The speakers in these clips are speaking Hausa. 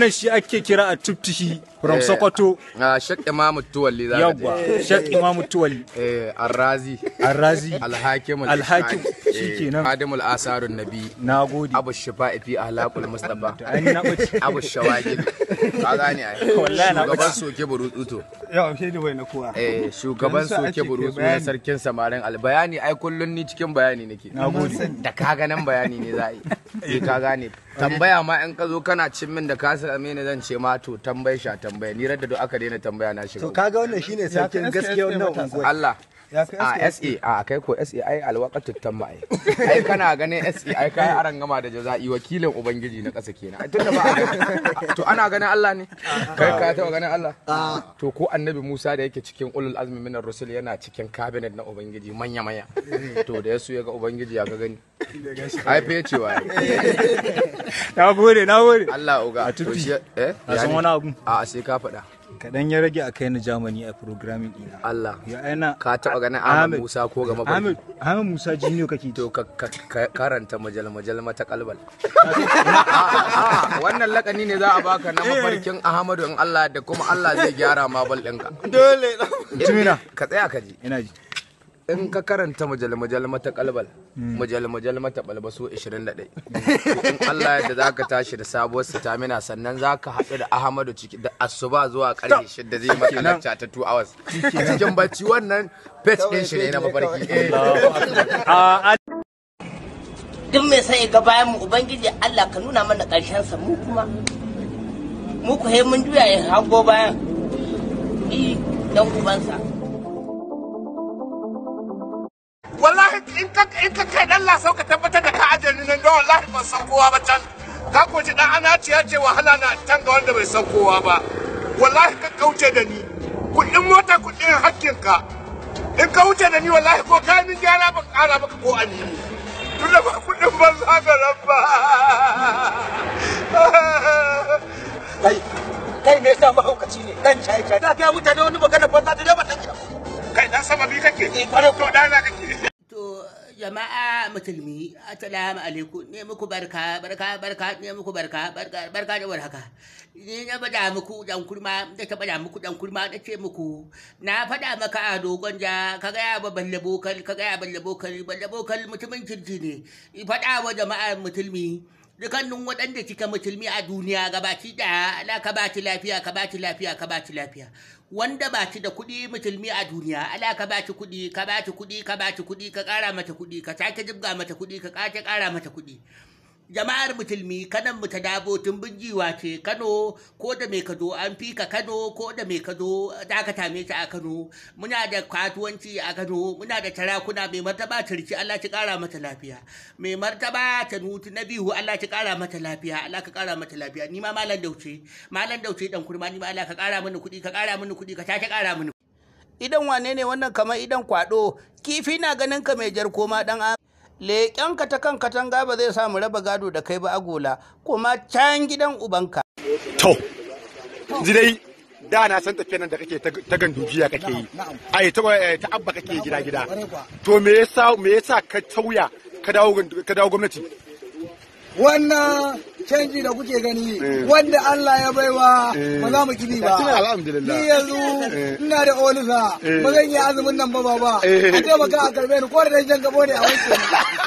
Wannan shi ake kira a tuftihi from eh. Sokoto. A ah, Shek Imamu Tuwali za Yawwa, Shek Imamu Tuwali. Eh, Arrazi. Arrazi. Alhakim. Alhakim. Eh, Shikenan. Adamul Asarun Nabi. Nagode. Abu Shifa fi Ahlaqul Mustafa. Ai na bace. Abu Shawagil. Ka gane ai. Wallahi na bace. Shugaban soke burututo. Yawa, shi ne wai na kowa. Eh, shugaban soke burututo na sarkin samarin albayani ai kullun ni cikin bayani nake. Nagode. Da ka ga nan bayani ne za a yi. Eh. Ka gane. Tambaya ma in ka zo kana cin min da ka Nasir Aminu zan ce ma to tambaye sha tambaye ni radda do aka daina tambaya na shiga. To kaga wannan shine sarkin gaskiya wannan unguwa. Allah. a sa a kai ko sa e ai alwaqatu tamma ai ai kana ganin sa ai e kai aran gama da jaza'i wakilin ubangiji na ƙasa kenan tunda ba to ana ganin Allah ne kai ka taɓa ganin Allah ah. to ko annabi Musa da yake cikin ulul azmi minar rusul yana cikin cabinet na ubangiji manya manya to da yasu yaga ga ubangiji ya ga gani ai fa yace wa na gode na gode Allah uga to shi eh a san wani abu a ah, sai ka faɗa kaɗan ya rage a kai ni Germany a programming ina. Allah. Ya aina. Ka taɓa ganin Ahmed Musa ko ga mafarki. Ahmed Musa Jiniyo kake. To ka karanta majal majal mata kalbal. Wannan lakani ne za a baka na eh. mafarkin Ahmadu in Allah da kuma Allah zai gyara ma ɗinka. Dole. Jimina. Ka tsaya ka ji. Ina ji. in ka karanta majalma majalma mata kalbal majalma majalma mata balba so 21 in Allah yadda za ka tashi da sabuwar stamina sannan za ka haɗu da Ahmadu ciki da asuba zuwa ƙarshe shidda zai maka lacca ta 2 hours a cikin bacci wannan pet din shi ne na mafarki duk mai sai ga bayan mu ubangiji Allah ka nuna mana ƙarshen sa mu kuma mu ku mun juya ya hango bayan dan ubansa wallahi in ka in ka kai dan lasau ka tabbatar da ka ajiye nan don wallahi ban san kowa ba can ka ko ji dan ana ciya ce wahala na can ga wanda bai san kowa ba wallahi ka kauce da ni kuɗin mota kuɗin hakkin ka in ka wuce da ni wallahi ko kai min gyara ban ƙara maka ko anini tun da ba kuɗin ban za ka rabba kai kai me yasa mahaukaci ne dan shaye shaye da ga mutane wani magana banza da ba ta kai dan sama bi kake eh kwarai ko dana kake jama'a musulmi assalamu alaikum ne muku barka barka barka ne muku barka barka da warhaka ni na bada muku dan kurma da ta bada muku dan kurma da ce muku na faɗa maka a dogon ja ka ga ya balle bokal ka ga ya balle bokal balle mutumin kirji ne faɗa wa jama'a musulmi dukannin waɗanda kika musulmi a duniya gabaci da ala ka baci lafiya ka baci lafiya ka baci lafiya wanda baci da kuɗi musulmi a duniya ala ka baci kuɗi ka baci kuɗi ka baci kuɗi ka kara mata kuɗi ka sake jibga mata kuɗi ka kara mata kuɗi jama'ar Mutulmi, kanan mu ta dabo tun binjiwa ce kano ko da mai kado an fi ka kano ko da mai kado da aka tame ta a kano muna da kwatuwanci a kano muna da tarakuna mai martaba ta rici allah ci kara mata lafiya mai martaba ta nutu na bihu allah ci kara mata lafiya allah ka kara mata lafiya ni ma malam dauce malam dauce dan kurma ni ma allah ka kara mini kuɗi ka kara mini kuɗi ka ta ta kara mini idan wane ne wannan kamar idan kwado kifi na ganin ka mai jar koma dan ka ta kan katanga ba zai samu raba gado da kai ba agola kuma can gidan ubanka. To, jidai da na san tafiya nan da kake ta gandujiya kake yi, yi eh, ta abba kake gida gida. To me yasa ka tauya ka dawo gwamnati? Wannan canji da kuke gani eh. wanda Allah ya baiwa eh. ba za mu kini ba ni yanzu eh. ina da olisa ba zan yi azumin nan ba ba a ce taimaka a karbe ni ko da dan jan gabo ne a wancan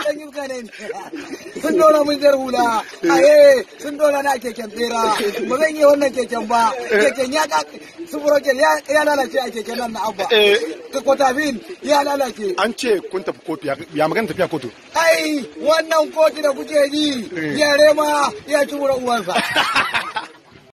dan yi ne sun dora mun jar hula aye sun dora na keken tsira ba zan iya wannan keken ba keken ya ka sufurokel ya lalace a keken nan na abba bin eh. ya lalace an ce kun tafi kotu ya magana tafiya kotu ai wannan kotu da kuke yi eh. ya rema, ya ci uwansa.